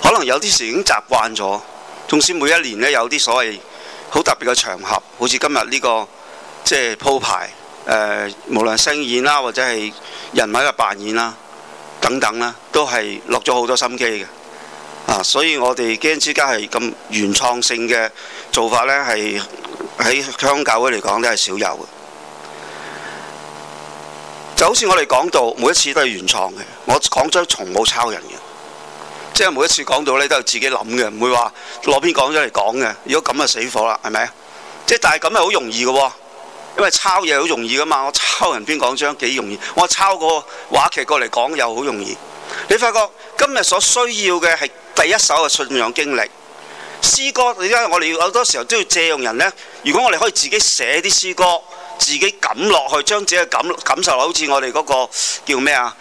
可能有啲事已經習慣咗，同時每一年呢，有啲所謂好特別嘅場合，好似今日呢、這個即係鋪排，誒、呃，無論聲演啦、啊，或者係人物嘅扮演啦、啊，等等啦、啊，都係落咗好多心機嘅、啊。所以我哋基恩之家係咁原創性嘅做法呢，係喺香港教會嚟講都係少有嘅。就好似我哋講到每一次都係原創嘅，我講章從冇抄人嘅，即係每一次講到咧都係自己諗嘅，唔會話攞篇講章嚟講嘅。如果咁就死火啦，係咪啊？即係但係咁係好容易嘅喎，因為抄嘢好容易噶嘛，我抄人篇講章幾容易，我抄個話劇過嚟講又好容易。你發覺今日所需要嘅係第一手嘅信仰經歷詩歌，因為我哋好多時候都要借用人呢。如果我哋可以自己寫啲詩歌。自己感落去，將自己嘅感感受，好似我哋嗰、嗰個叫咩啊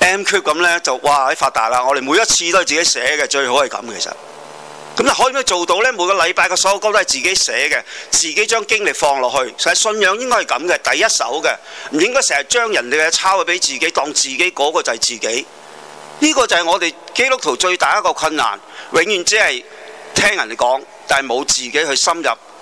？M 曲咁呢就哇喺發達啦！我哋每一次都係自己寫嘅，最好係咁其實。咁你可唔可以做到呢：每個禮拜嘅所有歌都係自己寫嘅，自己將經歷放落去。實信仰應該係咁嘅，第一手嘅，唔應該成日將人哋嘅抄去俾自己，當自己嗰個就係自己。呢、呢個就係我哋基督徒最大一個困難，永遠只係聽人哋講，但係冇自己去深入。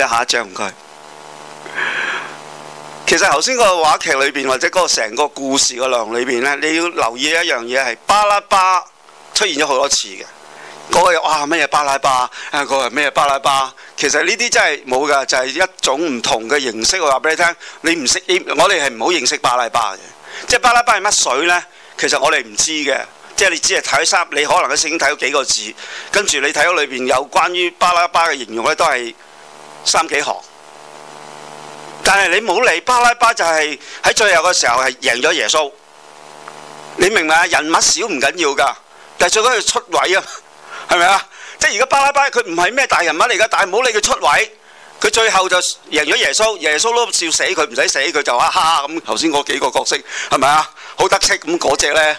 下一張唔該，其實頭先個話劇裏邊或者嗰個成個故事個內容裏邊咧，你要留意一樣嘢係巴拉巴出現咗好多次嘅，嗰個哇，乜嘢巴拉巴啊？嗰個咩巴拉巴？其實呢啲真係冇噶，就係一種唔同嘅形式。我話俾你聽，你唔識，我哋係唔好認識巴拉巴嘅，即係巴拉巴係乜水呢？其實我哋唔知嘅，即係你只係睇三，你可能已經睇咗幾個字，跟住你睇到裏邊有關於巴拉巴嘅形容呢，都係。三幾行，但係你冇理巴拉巴，就係喺最後嘅時候係贏咗耶穌，你明唔明啊？人物少唔緊要噶，但係最緊要出位啊，係咪啊？即係如果巴拉巴佢唔係咩大人物嚟噶，但係冇理佢出位，佢最後就贏咗耶穌，耶穌都笑死佢，唔使死佢就話哈哈咁。頭先嗰幾個角色係咪啊？好得戚咁嗰隻呢。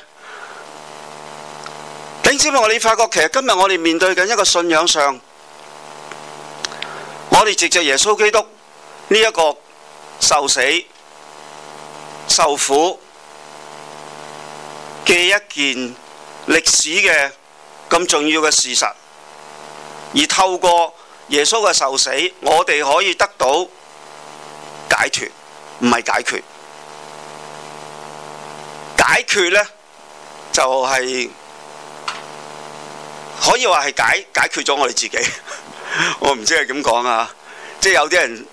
你知唔知我哋發覺其實今日我哋面對緊一個信仰上。我哋藉著耶穌基督呢一個受死、受苦嘅一件歷史嘅咁重要嘅事實，而透過耶穌嘅受死，我哋可以得到解決，唔係解決。解決呢就係可以話係解解決咗我哋自己。我唔知係點講啊，即係有啲人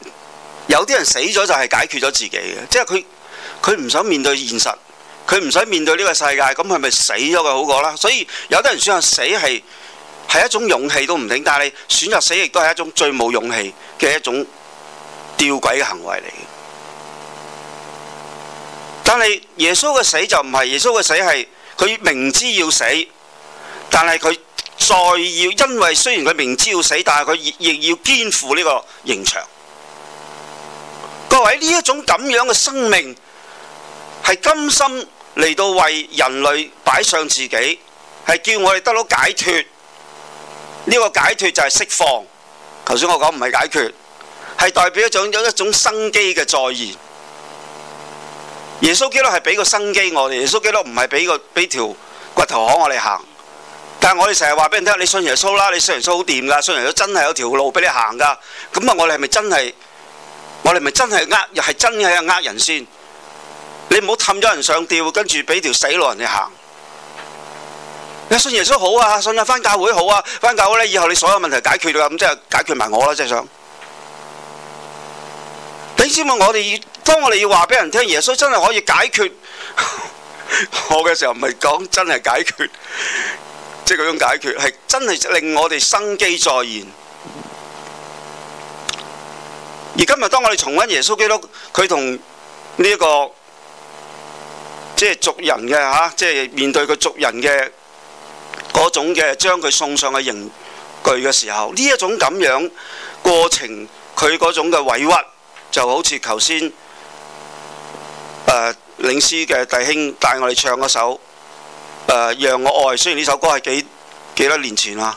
有啲人死咗就係解決咗自己嘅，即係佢佢唔想面對現實，佢唔想面對呢個世界，咁係咪死咗就好過啦？所以有啲人選擇死係係一種勇氣都唔定，但係選擇死亦都係一種最冇勇氣嘅一種吊詭嘅行為嚟。但係耶穌嘅死就唔係，耶穌嘅死係佢明知要死，但係佢。再要，因為雖然佢明知要死，但係佢亦要肩負呢個刑場。各位呢，一種咁樣嘅生命，係甘心嚟到為人類擺上自己，係叫我哋得到解脫。呢個解脫就係釋放。頭先我講唔係解決，係代表一種一種生機嘅再現。耶穌基督係俾個生機我哋，耶穌基督唔係俾個俾條骨頭行我哋行。但係我哋成日話俾人聽，你信耶穌啦，你信耶穌好掂噶，信耶穌真係有條路俾你行噶。咁啊，我哋係咪真係？我哋係咪真係呃？又係真係呃人先？你唔好氹咗人上吊，跟住俾條死路人哋行。你信耶穌好啊，信啊翻教會好啊，翻教會呢，以後你所有問題解決噶，咁即係解決埋我啦，即係想。你知唔知我哋？當我哋要話俾人聽耶穌真係可以解決 我嘅時候，唔係講真係解決。 即係嗰種解決係真係令我哋生機再現。而今日當我哋重温耶穌基督佢同呢一個即係族人嘅嚇，即係面對嗰族人嘅嗰種嘅將佢送上嘅刑具嘅時候，呢一種咁樣過程，佢嗰種嘅委屈就好似頭先誒領師嘅弟兄帶我哋唱嗰首。誒、啊，讓我愛，雖然呢首歌係幾幾多年前啦、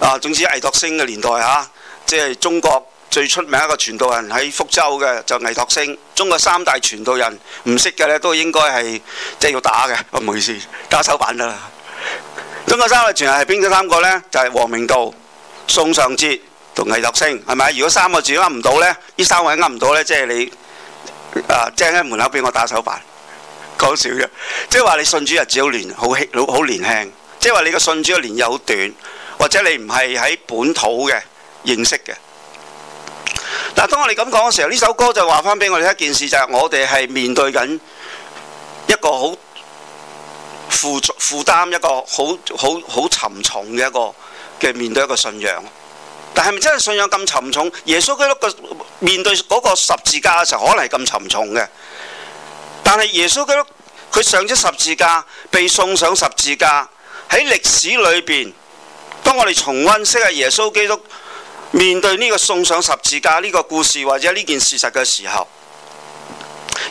啊，啊，總之倪柝聲嘅年代吓、啊，即係中國最出名一個傳道人喺福州嘅就倪柝聲。中國三大傳道人唔識嘅呢都應該係即係要打嘅，唔好意思，打手板得啦。中國三大傳人係邊個三個呢？就係、是、王明道、宋尚節同倪柝聲。係咪？如果三個字啱唔到呢？呢三位啱唔到呢？即係你啊，即係喺門口俾我打手板。講笑嘅，即係話你信主日子好年好輕，好好年輕，即係話你個信主嘅年日好短，或者你唔係喺本土嘅認識嘅。但當我哋咁講嘅時候，呢首歌就話翻俾我哋一件事，就係、是、我哋係面對緊一個好負負擔，一個好好好沉重嘅一個嘅面對一個信仰。但係咪真係信仰咁沉重？耶穌基督個面對嗰個十字架嘅時候，可能係咁沉重嘅。但係耶穌基督，佢上咗十字架，被送上十字架。喺歷史裏邊，當我哋重温昔日耶穌基督面對呢個送上十字架呢個故事或者呢件事實嘅時候，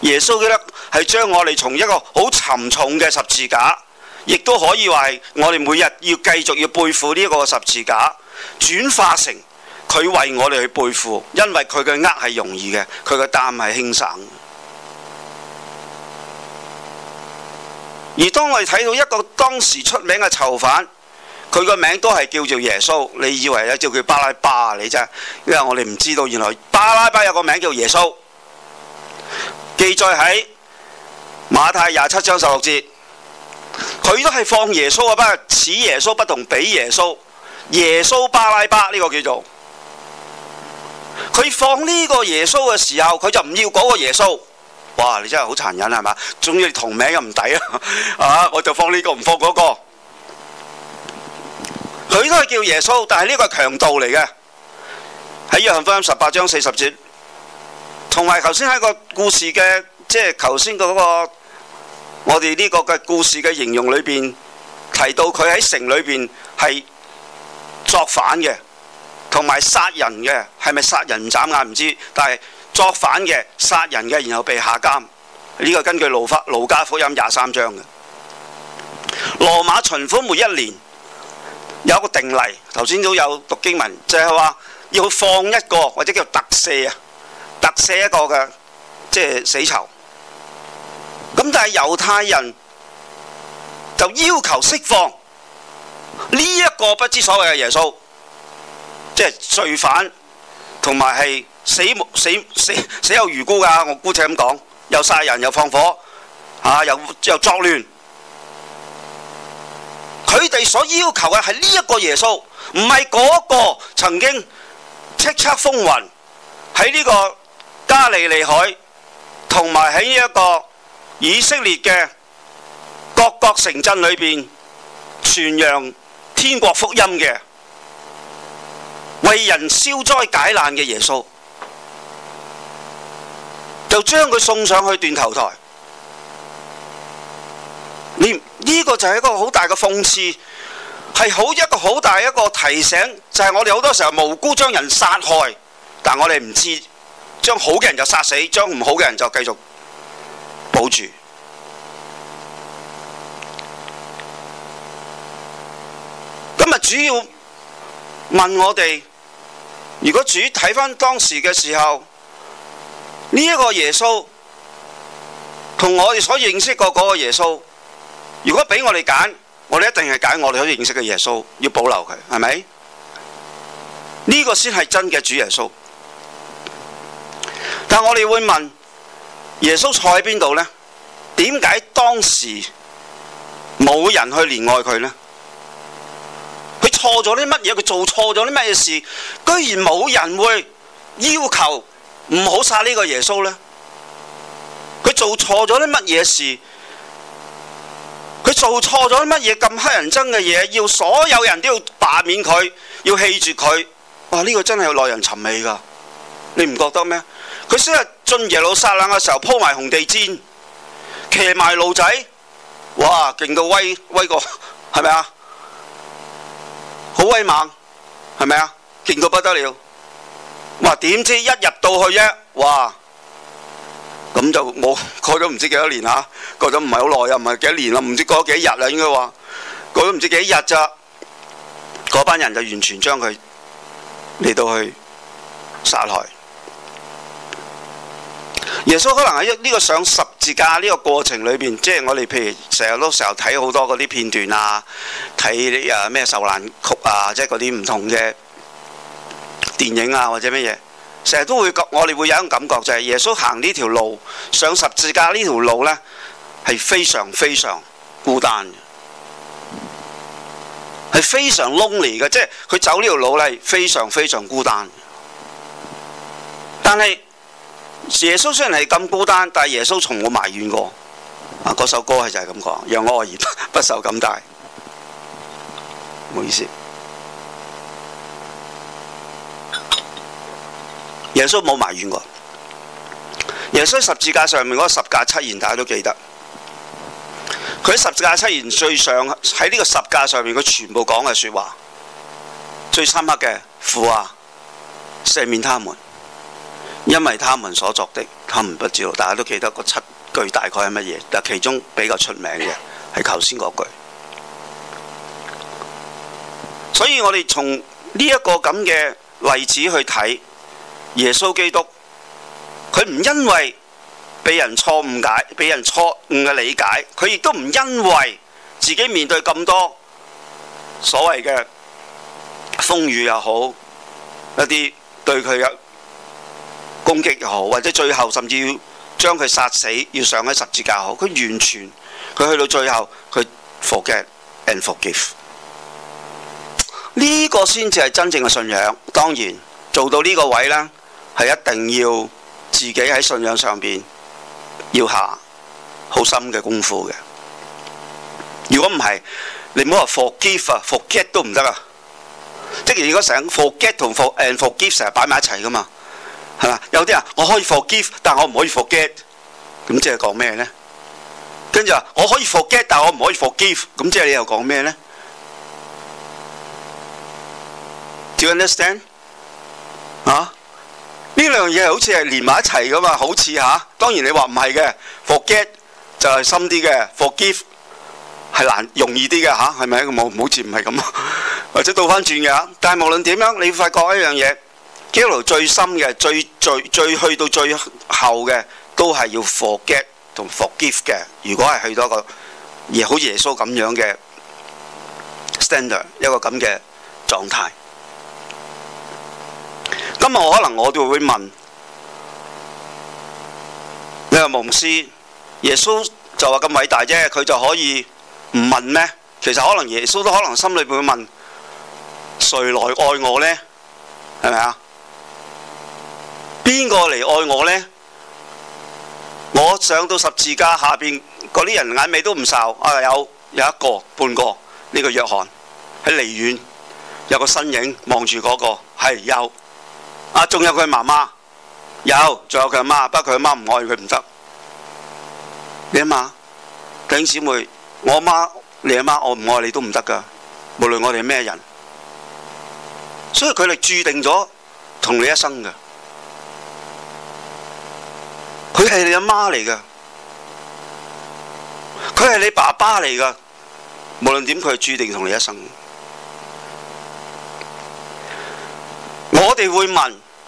耶穌基督係將我哋從一個好沉重嘅十字架，亦都可以話我哋每日要繼續要背負呢個十字架，轉化成佢為我哋去背負，因為佢嘅軛係容易嘅，佢嘅擔係輕省。而當我哋睇到一個當時出名嘅囚犯，佢個名都係叫做耶穌。你以為咧，叫佢巴拉巴嚟啫，因為我哋唔知道原來巴拉巴有個名叫耶穌。記載喺馬太廿七章十六節，佢都係放耶穌啊，不過此耶穌不同彼耶穌。耶穌巴拉巴呢個叫做佢放呢個耶穌嘅時候，佢就唔要嗰個耶穌。哇！你真係好殘忍係嘛？仲要同名又唔抵啊！ 啊！我就放呢個唔放嗰個。佢都係叫耶穌，但係呢個強盜嚟嘅。喺約翰福音十八章四十節，同埋頭先喺個故事嘅，即係頭先嗰個我哋呢個嘅故事嘅形容裏邊提到佢喺城裏邊係作反嘅，同埋殺人嘅，係咪殺人眨眼唔知，但係。作反嘅，殺人嘅，然後被下監。呢個根據《路法》《路加福音》廿三章嘅。羅馬巡撫每一年有一個定例，頭先都有讀經文，就係話要去放一個或者叫特赦啊，特赦一個嘅即係死囚。咁但係猶太人就要求釋放呢一個不知所謂嘅耶穌，即係罪犯同埋係。死冇死死死有餘辜噶，我姑且咁講，又殺人又放火，嚇又又作亂。佢哋所要求嘅係呢一個耶穌，唔係嗰個曾經叱咤風雲喺呢個加利利海，同埋喺呢一個以色列嘅各國城鎮裏邊傳揚天國福音嘅，為人消災解難嘅耶穌。就將佢送上去斷頭台，你呢個就係一個好大嘅諷刺，係好一個好大一個提醒，就係我哋好多時候無辜將人殺害，但係我哋唔知將好嘅人就殺死，將唔好嘅人就繼續保住。咁啊，主要問我哋，如果主睇返當時嘅時候。呢一個耶穌同我哋所認識過嗰個耶穌，如果俾我哋揀，我哋一定係揀我哋所認識嘅耶穌，要保留佢，係咪？呢個先係真嘅主耶穌。但我哋會問耶穌坐喺邊度咧？點解當時冇人去憐愛佢咧？佢錯咗啲乜嘢？佢做錯咗啲乜嘢事？居然冇人會要求？唔好殺呢個耶穌咧，佢做錯咗啲乜嘢事？佢做錯咗啲乜嘢咁乞人憎嘅嘢？要所有人都要罷免佢，要棄住佢？哇！呢個真係耐人尋味噶，你唔覺得咩？佢先係進耶路撒冷嘅時候鋪埋紅地氈，騎埋驢仔，哇！勁到威威過，係咪啊？好威猛，係咪啊？勁到不得了！哇！點知一入到去啫，哇！咁就冇過咗唔知幾多年啦，過咗唔係好耐又唔係幾多年啦，唔知過咗幾日啦，應該話過咗唔知幾日咋，嗰班人就完全將佢嚟到去殺害。耶穌可能喺呢個上十字架呢個過程裏邊，即係我哋譬如成日都時候睇好多嗰啲片段啊，睇啲誒咩受難曲啊，即係嗰啲唔同嘅電影啊，或者乜嘢，成日都會覺我哋會有一種感覺，就係、是、耶穌行呢條路上十字架呢條路呢，係非常非常孤單，係非常 lonely 嘅，即係佢走呢條路呢，係非常非常孤單。但係耶穌雖然係咁孤單，但係耶穌從冇埋怨過。啊，嗰首歌係就係咁講，讓我愛而不， 不受感戴，唔好意思。耶穌冇埋怨過。耶穌十字架上面嗰十架七言，大家都記得。佢十字架七言最上喺呢個十架上面，佢全部講嘅説話最深刻嘅，父啊，赦免他們，因為他們所作的，他們不知道。大家都記得嗰七句大概係乜嘢？但其中比較出名嘅係頭先嗰句。所以我哋從呢一個咁嘅例子去睇。耶穌基督，佢唔因為俾人錯誤解、俾人錯誤嘅理解，佢亦都唔因為自己面對咁多所謂嘅風雨又好，一啲對佢嘅攻擊又好，或者最後甚至要將佢殺死，要上喺十字架好，佢完全，佢去到最後，佢 forget and forgive。呢、呢個先至係真正嘅信仰。當然做到呢個位啦。係一定要自己喺信仰上邊要下好深嘅功夫嘅。如果唔係，你唔好話 forgive 啊，forget 都唔得啊。即係如果成日 forget 同 forg，誒，forgive 成日擺埋一齊噶嘛，係嘛？有啲人我可以 forgive，但我唔可以 forget。咁即係講咩咧？跟住話我可以 forget，但我唔可以 forgive。咁即係你又講咩咧？Do you understand？啊？呢樣嘢好似係連埋一齊噶嘛，好似嚇、啊。當然你話唔係嘅，forget 就係深啲嘅，forgive 係難容易啲嘅嚇，係咪啊？冇好似唔係咁。 或者倒翻轉嘅嚇。但係無論點樣，你發覺一樣嘢 journey 最深嘅、最最最去到最後嘅，都係要 forget 同 forgive 嘅。如果係去到個而好似耶穌咁樣嘅 standard 一個咁嘅狀態。今日我可能我哋會問你話蒙師耶穌就話咁偉大啫，佢就可以唔問咩？其實可能耶穌都可能心裏邊會問：誰來愛我呢？係咪啊？邊個嚟愛我呢？我上到十字架下邊嗰啲人眼尾都唔受。」啊！有有一個半個呢個約翰喺離遠有個身影望住嗰個係有。啊，仲有佢媽媽，有，仲有佢阿媽,媽，媽媽不過佢阿媽唔愛佢唔得，你阿媽,媽，頂姊妹，我阿媽，你阿媽,媽，我唔愛你都唔得噶，無論我哋係咩人，所以佢哋注定咗同你一生噶，佢係你阿媽嚟噶，佢係你爸爸嚟噶，無論點佢係註定同你一生，我哋會問。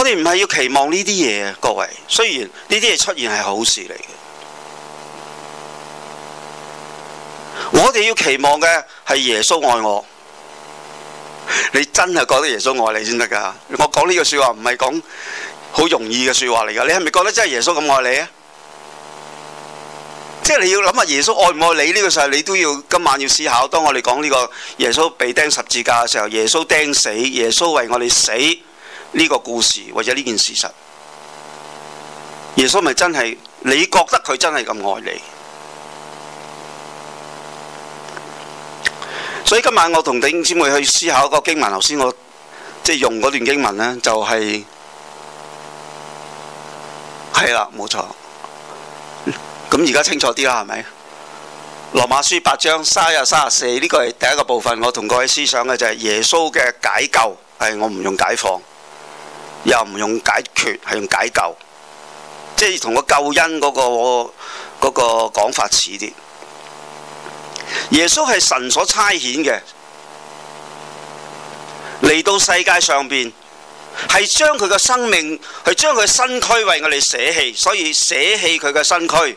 我哋唔係要期望呢啲嘢，各位。雖然呢啲嘢出現係好事嚟嘅，我哋要期望嘅係耶穌愛我。你真係覺得耶穌愛你先得㗎。我講呢個說話唔係講好容易嘅說話嚟㗎。你係咪覺得真係耶穌咁愛你啊？即係你要諗下耶穌愛唔愛你呢個時候，你都要今晚要思考。當我哋講呢個耶穌被釘十字架嘅時候，耶穌釘死，耶穌為我哋死。呢個故事或者呢件事實，耶穌咪真係你覺得佢真係咁愛你，所以今晚我同弟兄姊妹去思考一個經文。頭先我即係、就是、用嗰段經文呢，就係係啦，冇錯。咁而家清楚啲啦，係咪？羅馬書八章三十三十四呢、這個係第一個部分。我同各位思想嘅就係、是、耶穌嘅解救，係我唔用解放。又唔用解決，係用解救，即係同個救恩嗰個嗰個講法似啲。耶穌係神所差遣嘅，嚟到世界上面，係將佢嘅生命，係將佢身軀為我哋捨棄，所以捨棄佢嘅身軀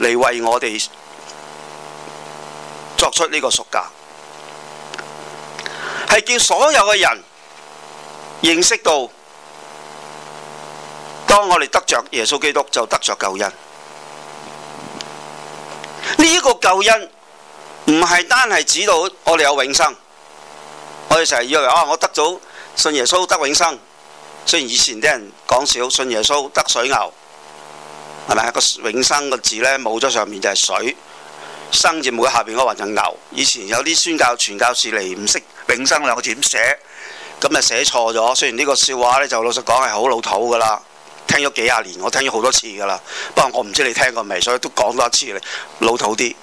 嚟為我哋作出呢個贖價，係叫所有嘅人認識到。當我哋得着耶穌基督，就得着救恩。呢一個救恩唔係單係指到我哋有永生，我哋成日以為啊，我得咗信耶穌得永生。雖然以前啲人講少信耶穌得水牛，係咪個永生個字呢？冇咗上面就係水生字，冇咗下邊嗰個就牛。以前有啲宣教傳教士嚟唔識永生兩個字點寫，咁咪寫錯咗。雖然呢個笑話呢，就老實講係好老土㗎喇。聽咗幾廿年，我聽咗好多次㗎啦。不過我唔知你聽過未，所以都講多一次你老土啲。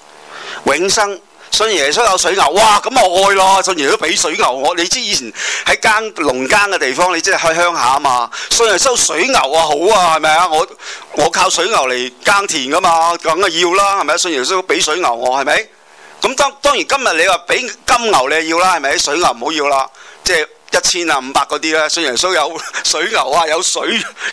永生信耶穌有水牛，哇！咁我愛咯。信耶穌俾水牛我，你知以前喺耕農耕嘅地方，你即係喺鄉下啊嘛。信耶穌收水牛啊好啊，係咪啊？我我靠水牛嚟耕田㗎嘛，梗係要啦，係咪？信耶穌俾水牛我係咪？咁當當然今日你話俾金牛你要啦，係咪？水牛唔好要啦，即係。一千啊，五百嗰啲啦，信耶穌有水牛啊，有水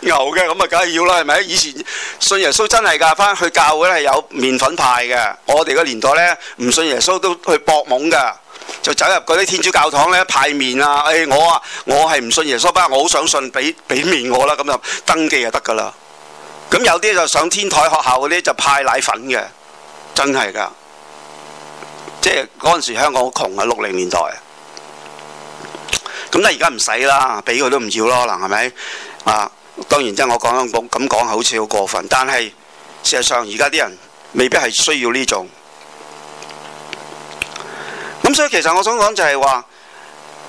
牛嘅，咁啊梗係要啦，係咪？以前信耶穌真係噶，翻去教會咧係有麵粉派嘅。我哋個年代呢，唔信耶穌都去搏懵噶，就走入嗰啲天主教堂呢派麵啊！誒、哎，我啊我係唔信耶穌，不過我好想信，俾俾面我啦，咁就登記就得噶啦。咁有啲就上天台學校嗰啲就派奶粉嘅，真係噶，即係嗰陣時香港好窮啊，六零年代。咁咧，而家唔使啦，畀佢都唔要咯，嗱，係咪啊？當然，即係我講冇咁講，好似好過分，但係事實上，而家啲人未必係需要呢種。咁所以，其實我想講就係話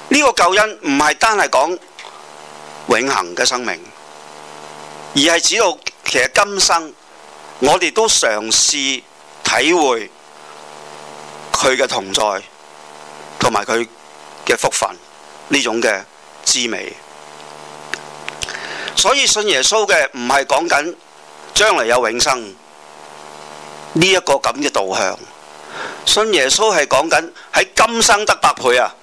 呢個救恩唔係單係講永恆嘅生命，而係指到其實今生我哋都嘗試體會佢嘅同在同埋佢嘅福分。呢種嘅滋味，所以信耶穌嘅唔係講緊將來有永生呢一個咁嘅導向，信耶穌係講緊喺今生得百倍啊，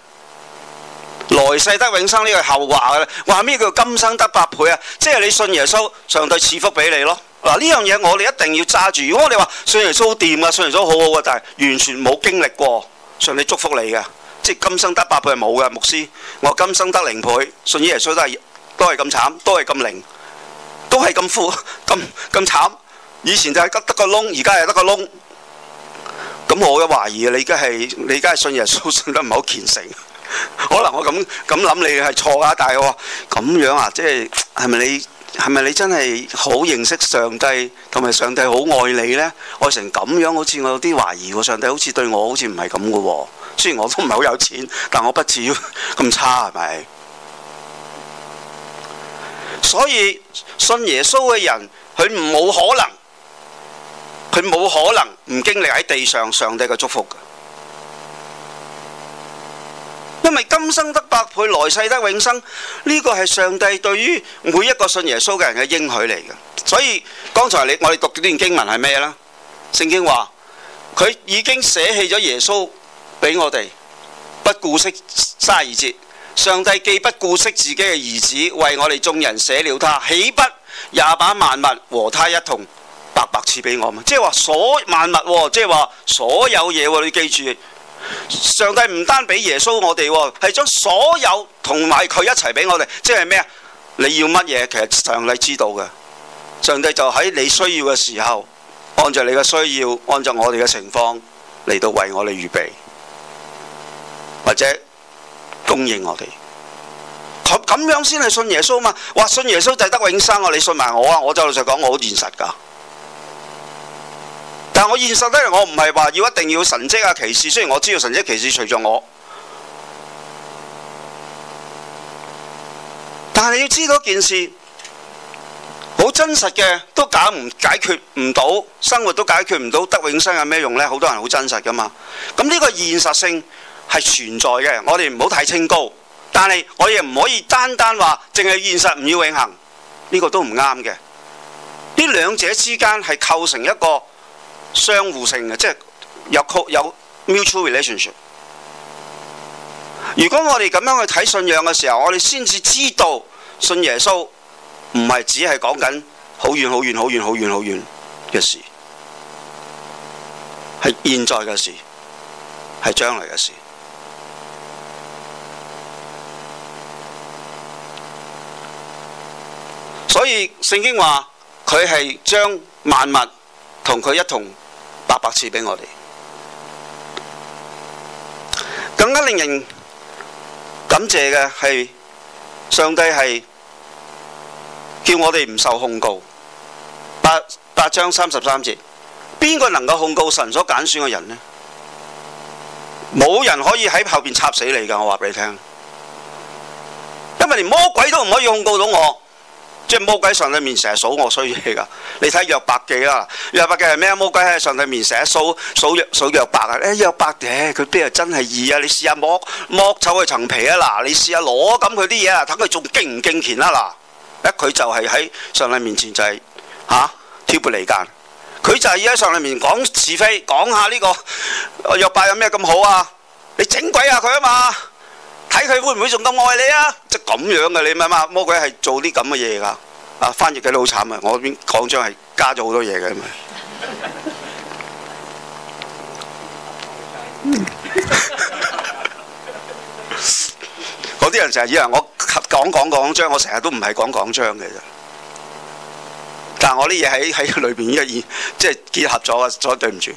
來世得永生呢個後話嘅。話咩叫今生得百倍啊？即係你信耶穌，上帝賜福俾你咯。嗱，呢樣嘢我哋一定要揸住。如果我哋話信耶穌掂啊，信耶穌好好啊，但係完全冇經歷過上帝祝福你嘅。即今生得百倍係冇嘅，牧師。我今生得零倍，信耶穌都係都係咁慘，都係咁零，都係咁苦，咁咁慘。以前就係得個窿，而家又得個窿。咁我嘅懷疑你而家係你而家係信耶穌信得唔係好虔誠。 可能我咁咁諗你係錯㗎，但係我話咁樣啊，即係係咪你係咪你真係好認識上帝同埋上帝好愛你呢？愛成咁樣好似我有啲懷疑，上帝好似對我好似唔係咁嘅喎。雖然我都唔係好有錢，但我不至於咁差係咪？所以信耶穌嘅人，佢唔冇可能，佢冇可能唔經歷喺地上上帝嘅祝福㗎。因為今生得百倍，來世得永生，呢個係上帝對於每一個信耶穌嘅人嘅應許嚟㗎。所以剛才你我哋讀呢段經文係咩呢？聖經話佢已經捨棄咗耶穌。俾我哋不顧惜，卅二節，上帝既不顧惜自己嘅兒子，為我哋眾人捨了他，豈不也把萬物和他一同白白賜俾我嘛？即係話所萬物，哦，即係話所有嘢，哦，你記住，上帝唔單俾耶穌我哋，哦，係將所有同埋佢一齊俾我哋。即係咩啊？你要乜嘢？其實上帝知道嘅，上帝就喺你需要嘅時候，按照你嘅需要，按照我哋嘅情況嚟到為我哋預備。或者供應我哋，佢咁樣先係信耶穌嘛？哇！信耶穌就係得永生啊！你信埋我啊！我就老實講我好現實噶，但係我現實咧，我唔係話要一定要神蹟啊、奇事。雖然我知道神蹟奇事隨著我，但係你要知道件事，好真實嘅都搞唔解決唔到，生活都解決唔到，得永生有咩用呢？好多人好真實噶嘛，咁呢個現實性，係存在嘅，我哋唔好太清高，但係我亦唔可以單單話淨係現實唔要永恆，呢個都唔啱嘅。呢兩者之間係構成一個相互性嘅，即係有有 mutual relationship。如果我哋咁樣去睇信仰嘅時候，我哋先至知道信耶穌唔係只係講緊好遠、好遠、好遠、好遠、好遠嘅事，係現在嘅事，係將來嘅事。所以聖經話佢係將萬物同佢一同白白賜俾我哋。更加令人感謝嘅係，上帝係叫我哋唔受控告。八八章三十三節，邊個能夠控告神所揀選嘅人呢？冇人可以喺後面插死你㗎，我話俾你聽。因為連魔鬼都唔可以控告到我。即係魔鬼，上帝面成日數我衰嘢噶。你睇約伯記啦，約伯記係咩啊？魔鬼喺上帝面成日數數約數約伯啊！哎、欸，約伯嘅佢邊係真係二啊！你試下剝剝臭佢層皮啊！嗱，你試下攞咁佢啲嘢啊，睇佢仲驚唔驚錢啊嗱？一佢就係喺上帝面前就係、是、吓、啊、挑撥離間，佢就係要喺上帝面講是非，講下呢、這個約伯有咩咁好啊？你整鬼下佢啊嘛！睇佢會唔會仲咁愛你啊！即係咁樣嘅，你咪啊嘛，魔鬼係做啲咁嘅嘢㗎。啊，翻譯嘅都好慘啊！我呢邊講章係加咗好多嘢嘅，因為嗰啲人成日以為我講講講章，我成日都唔係講講章嘅啫。但係我啲嘢喺喺裏邊已經，即係結合咗啊！所以對唔住，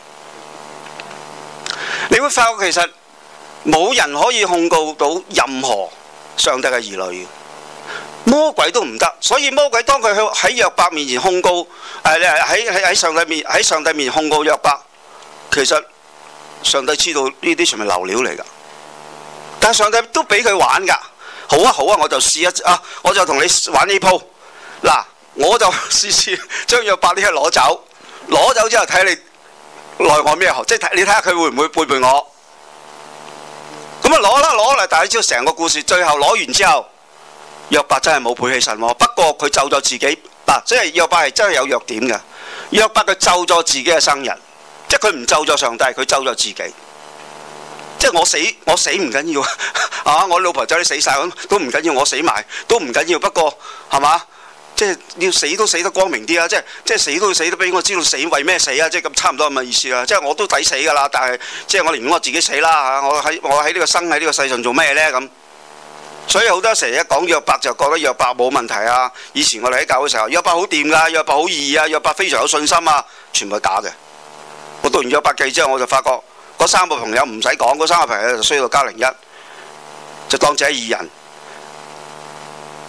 你會發覺其實。冇人可以控告到任何上帝嘅兒女，魔鬼都唔得。所以魔鬼當佢喺約伯面前控告，你喺喺上帝面喺上帝面前控告約伯，其實上帝知道呢啲全部流料嚟噶。但上帝都俾佢玩噶，好啊好啊，我就試一啊，我就同你玩呢鋪。嗱，啊，我就試試將約伯呢個攞走，攞走之後睇你奈我咩學，即係你睇下佢會唔會背叛我。咁啊攞啦攞喇，大家知道，成個故事最後攞完之後，約伯真係冇背棄神。不過佢咒咗自己嗱，即係約伯係真係有弱點㗎。約伯佢咒咗自己嘅生日，即係佢唔咒咗上帝，佢咒咗自己。即係我死我死唔緊要啊！我老婆仔女死晒咁都唔緊要，我死埋都唔緊要。不過係嘛？即係要死都死得光明啲啊！即係即係死都死得俾我知道死為咩死啊！即係咁差唔多咁嘅意思啊。即係我都抵死㗎啦，但係即係我寧願我自己死啦嚇！我喺我喺呢個生喺呢個世上做咩咧咁？所以好多時一講約伯就覺得約伯冇問題啊！以前我哋喺教嘅時候，約伯好掂㗎，約伯好義啊，約伯非常有信心啊，全部係假嘅。我讀完約伯記之後，我就發覺嗰三個朋友唔使講，嗰三個朋友就需要加零一，就當自己係二人。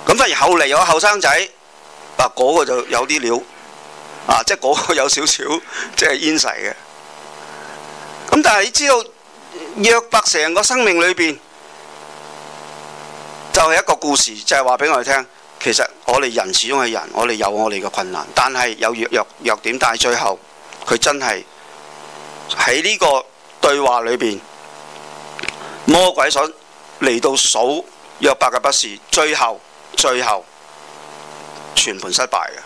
咁反而後嚟有個後生仔。啊，嗰、那個就有啲料，啊，即係嗰個有少少即係煙細嘅。咁、嗯、但係你知道，約伯成個生命裏邊就係、是、一個故事，就係話俾我哋聽。其實我哋人始終係人，我哋有我哋嘅困難，但係有弱弱弱點。但係最後佢真係喺呢個對話裏邊，魔鬼想嚟到數約伯嘅不是，最後最後。全盤失敗嘅，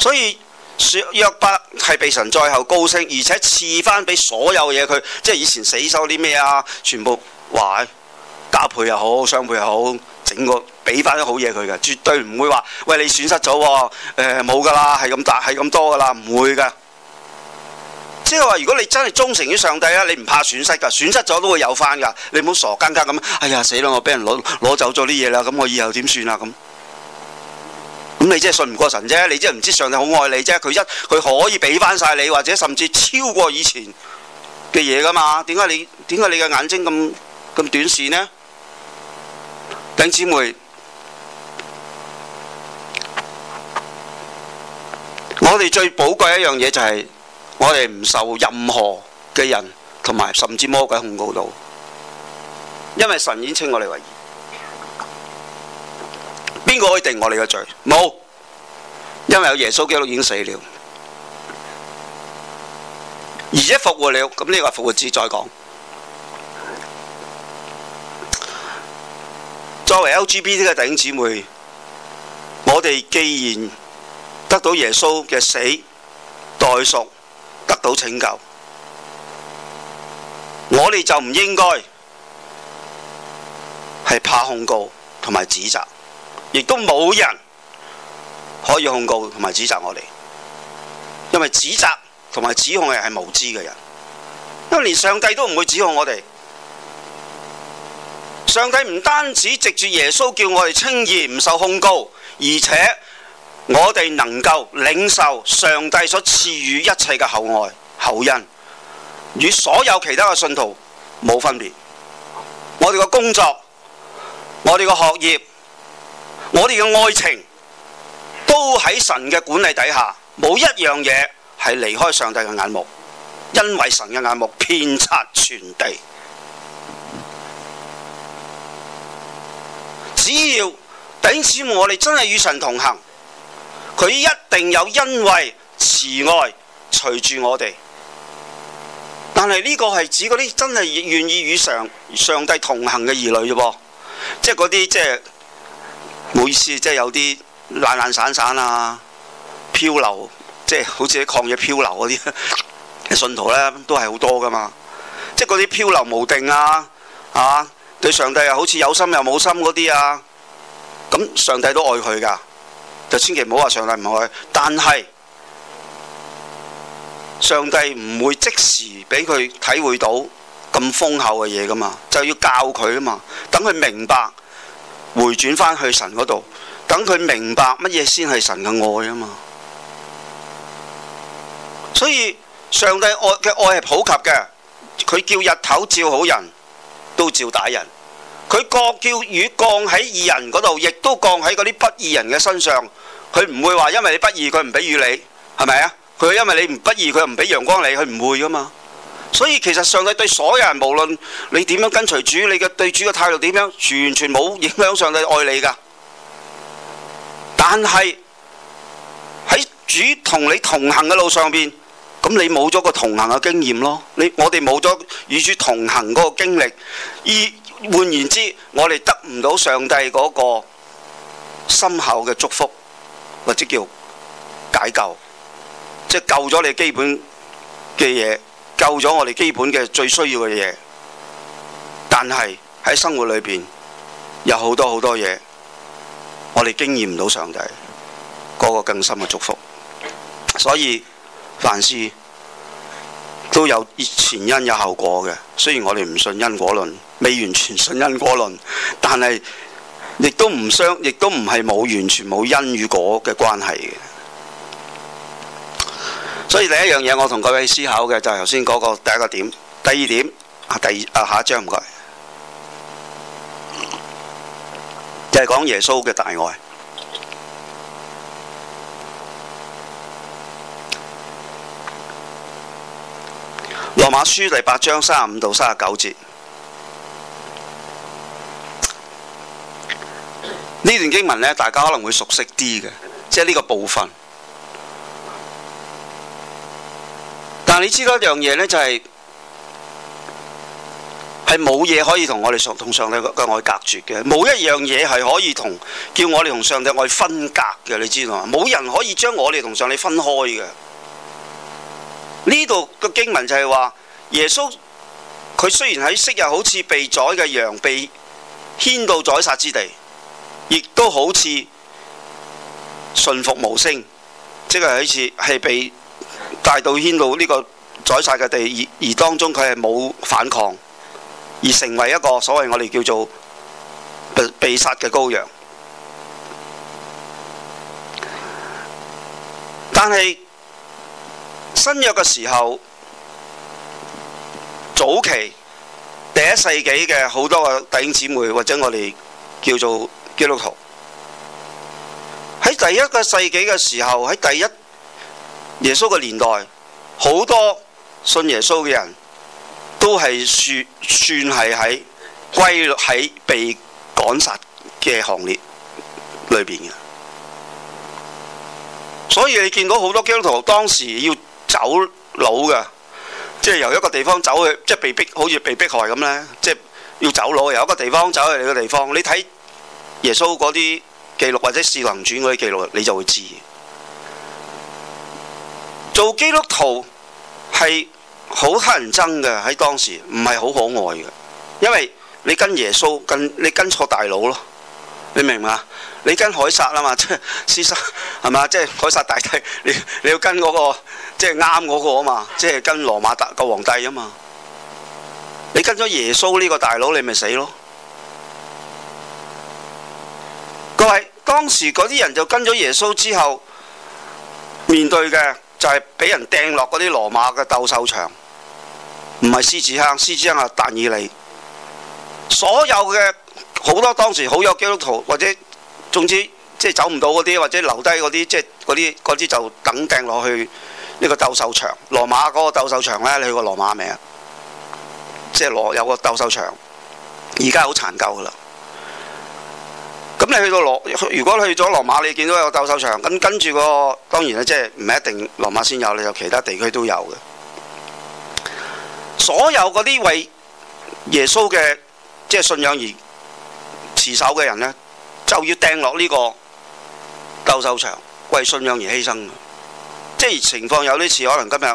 所以約伯係被神在後高升，而且賜返俾所有嘢佢，即係以前死守啲咩啊，全部還加倍又好，雙倍又好，整個俾翻啲好嘢佢嘅，絕對唔會話喂，你損失咗，誒冇噶啦，係咁大係咁多噶啦，唔會嘅。即係話如果你真係忠誠於上帝咧，你唔怕損失噶，損失咗都會有返噶，你唔好傻更更咁，哎呀死啦，我俾人攞攞走咗啲嘢啦，咁我以後點算啊咁。你即係信唔過神啫，你即係唔知上帝好愛你啫。佢一佢可以俾翻曬你，或者甚至超過以前嘅嘢㗎嘛。點解你點解你嘅眼睛咁咁短視呢？弟兄姊妹，我哋最寶貴一樣嘢就係我哋唔受任何嘅人同埋甚至魔鬼控告到，因為神已經稱我哋為義。邊個可以定我哋嘅罪？冇，因為有耶穌基督已經死了，而且復活了。咁、這、呢個復活節再講。作為 LGBT 嘅弟兄姊妹，我哋既然得到耶穌嘅死代贖，得到拯救，我哋就唔應該係怕控告同埋指責。亦都冇人可以控告同埋指責我哋，因為指責同埋指控嘅人係無知嘅人，因為連上帝都唔會指控我哋。上帝唔單止藉住耶穌叫我哋輕易唔受控告，而且我哋能夠領受上帝所賜予一切嘅厚愛、厚恩，與所有其他嘅信徒冇分別。我哋嘅工作，我哋嘅學業。我哋嘅愛情都喺神嘅管理底下，冇一樣嘢係離開上帝嘅眼目，因為神嘅眼目遍察全地。只要等於我哋真係與神同行，佢一定有恩惠慈愛隨住我哋。但係呢個係指嗰啲真係願意與上上帝同行嘅兒女啫噃，即係嗰啲即係。冇意思，即、就、係、是、有啲懶懶散散啊，漂流，即、就、係、是、好似啲曠野漂流嗰啲 信徒咧，都係好多噶嘛。即係嗰啲漂流無定啊，嚇、啊！對上帝又好似有心又冇心嗰啲啊，咁、嗯、上帝都愛佢噶，就千祈唔好話上帝唔愛佢。但係上帝唔會即時俾佢體會到咁豐厚嘅嘢噶嘛，就要教佢啊嘛，等佢明白。回轉返去神嗰度，等佢明白乜嘢先係神嘅愛啊嘛。所以上帝愛嘅愛係普及嘅，佢叫日頭照好人都照打人，佢降叫雨降喺義人嗰度，亦都降喺嗰啲不義人嘅身上。佢唔會話因為你不義，佢唔俾雨你，係咪啊？佢因為你唔不義，佢唔俾陽光你，佢唔會噶嘛。所以其實上帝對所有人，無論你點樣跟隨主，你嘅對主嘅態度點樣，完全冇影響上帝愛你㗎。但係喺主同你同行嘅路上面，咁你冇咗個同行嘅經驗咯。你我哋冇咗與主同行嗰個經歷，而換言之，我哋得唔到上帝嗰個深厚嘅祝福，或者叫解救，即係救咗你的基本嘅嘢。救咗我哋基本嘅最需要嘅嘢，但係喺生活裏邊有好多好多嘢，我哋經驗唔到上帝嗰個更深嘅祝福。所以凡事都有前因有後果嘅，雖然我哋唔信因果論，未完全信因果論，但係亦都唔相，亦都唔係冇完全冇因與果嘅關係嘅。所以第一樣嘢，我同各位思考嘅就係頭先嗰個第一個點，第二點，第二啊，下一章唔該，就係、是、講耶穌嘅大愛。羅馬書第八章三十五到三十九節，呢段經文呢，大家可能會熟悉啲嘅，即係呢個部分。你知道一樣嘢呢，就係係冇嘢可以同我哋上同上帝嘅愛隔絕嘅，冇一樣嘢係可以同叫我哋同上帝愛分隔嘅。你知道嘛？冇人可以將我哋同上帝分開嘅。呢度嘅經文就係話耶穌，佢雖然喺昔日好似被宰嘅羊被牽到宰殺之地，亦都好似順服無聲，即係好似係被。大道牽到呢個宰殺嘅地，而而當中佢係冇反抗，而成為一個所謂我哋叫做被殺嘅羔羊。但係新約嘅時候，早期第一世紀嘅好多個弟兄姊妹，或者我哋叫做基督徒，喺第一個世紀嘅時候，喺第一。耶穌嘅年代，好多信耶穌嘅人都係算算係喺歸喺被趕殺嘅行列裏邊嘅。所以你見到好多基督徒當時要走佬嘅，即係由一個地方走去，即係被逼，好似被逼害咁呢。即係要走佬，由一個地方走去另一個地方。你睇耶穌嗰啲記錄或者士林傳嗰啲記錄，你就會知。做基督徒係好乞人憎嘅喺當時，唔係好可愛嘅，因為你跟耶穌跟你跟錯大佬咯，你明嘛？你跟凱撒啊嘛，即係先生係嘛？即係凱撒大帝，你你要跟嗰個即係啱嗰個啊嘛，即係跟羅馬大個皇帝啊嘛。你跟咗耶穌呢個大佬，你咪死咯。各位當時嗰啲人就跟咗耶穌之後面對嘅。就係俾人掟落嗰啲羅馬嘅鬥獸場，唔係獅子坑，獅子坑係但以理。所有嘅好多當時好有基督徒，或者總之即係、就是、走唔到嗰啲，或者留低嗰啲，即係嗰啲嗰啲就等掟落去呢個鬥獸場。羅馬嗰個鬥獸場咧，你去過羅馬未啊？即係羅有個鬥獸場，而家好殘舊㗎喇。咁你去到羅，如果去咗羅馬，你見到有鬥獸場，咁跟住、嗰個當然啦，即係唔係一定羅馬先有，你有其他地區都有嘅。所有嗰啲為耶穌嘅即係信仰而持守嘅人呢，就要掟落呢個鬥獸場，為信仰而犧牲。即係情況有啲似，可能今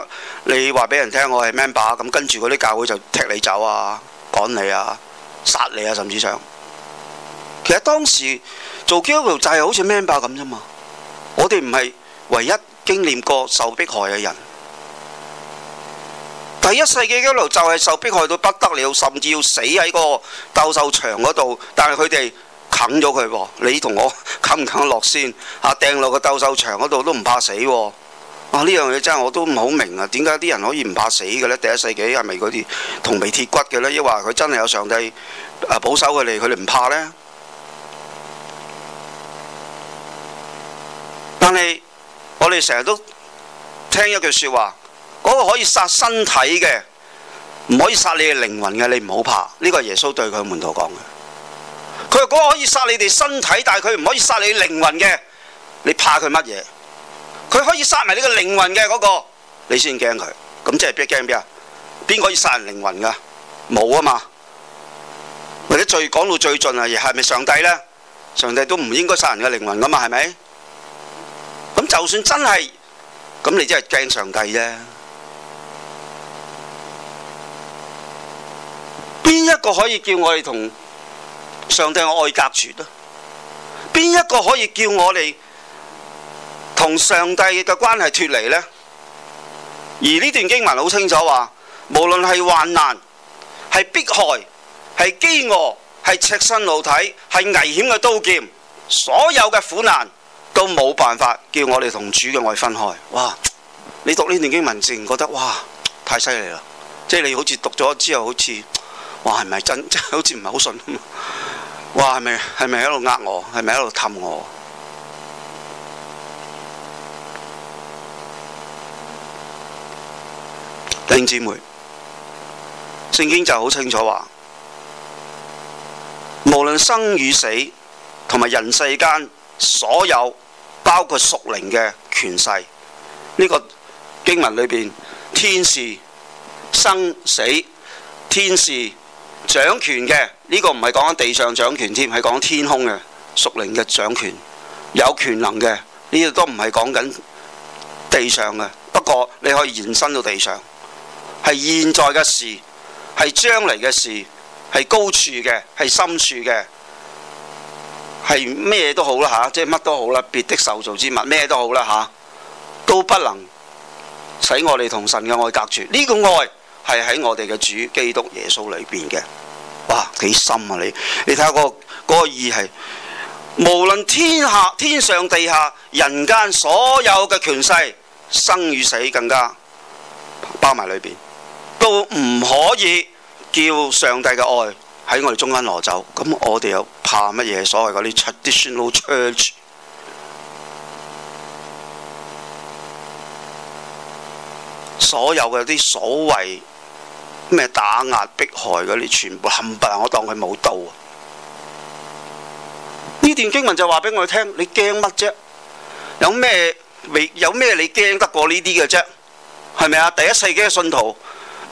日你話俾人聽，我係 member，咁跟住嗰啲教會就踢你走啊，趕你啊，殺你啊，甚至上。其實當時做基督徒就係好似咩爆咁啫嘛。我哋唔係唯一經歷過受迫害嘅人。第一世紀基督徒就係受迫害到不得了，甚至要死喺個鬥獸場嗰度，但係佢哋啃咗佢喎。你同我啃唔啃得落先？嚇掟落個鬥獸場嗰度都唔怕死喎、啊。啊！呢樣嘢真係我都唔好明啊，點解啲人可以唔怕死嘅咧？第一世紀係咪嗰啲同未鐵骨嘅咧？抑或佢真係有上帝保守佢哋，佢哋唔怕咧？但係我哋成日都聽一句說話，嗰個可以殺身體嘅，唔可以殺你嘅靈魂嘅，你唔好怕。呢個係耶穌對佢嘅門徒講嘅。佢話嗰個可以殺你哋身體，但係佢唔可以殺你靈魂嘅。你怕佢乜嘢？佢可以殺埋你個靈魂嘅嗰個，你先驚佢。咁即係邊驚邊啊？邊個可以殺人靈魂噶？冇啊嘛。或者最講到最盡啊，係咪上帝呢？上帝都唔應該殺人嘅靈魂噶嘛？係咪？就算真係咁，你真係驚上帝啫。邊一個可以叫我哋同上帝嘅愛隔絕咯？邊一個可以叫我哋同上帝嘅關係脫離呢？而呢段經文好清楚話，無論係患難、係迫害、係飢餓、係赤身露體、係危險嘅刀劍，所有嘅苦難。都冇辦法叫我哋同主嘅愛分開。哇！你讀呢段經文時，覺得哇，太犀利啦，即係你好似讀咗之後好似哇，係咪真？即係好似唔係好信。哇，係咪係咪喺度呃我？係咪喺度氹我？弟兄姊妹，聖經就好清楚話，無論生與死同埋人世間。所有包括屬靈嘅權勢，呢、這個經文裏邊，天使生死，天使掌權嘅呢、這個唔係講緊地上掌權添，係講天空嘅屬靈嘅掌權，有權能嘅呢、這個都唔係講緊地上嘅，不過你可以延伸到地上，係現在嘅事，係將來嘅事，係高處嘅，係深處嘅。係咩嘢都好啦嚇，即係乜都好啦，別的受造之物咩嘢都好啦嚇，都不能使我哋同神嘅愛隔住。呢、這個愛係喺我哋嘅主基督耶穌裏邊嘅。哇，幾深啊你！你睇下、那個嗰、那個意思係，無論天下天上地下人間所有嘅權勢，生與死更加包埋裏邊，都唔可以叫上帝嘅愛喺我哋中間攞走，咁我哋又怕乜嘢？所謂嗰啲 traditional c h u r c h 所有嘅啲所謂咩打壓迫害嗰啲，全部冚唪唥我當佢冇到。呢段經文就話俾我哋聽，你驚乜啫？有咩未有咩你驚得過呢啲嘅啫？係咪啊？第一世紀嘅信徒。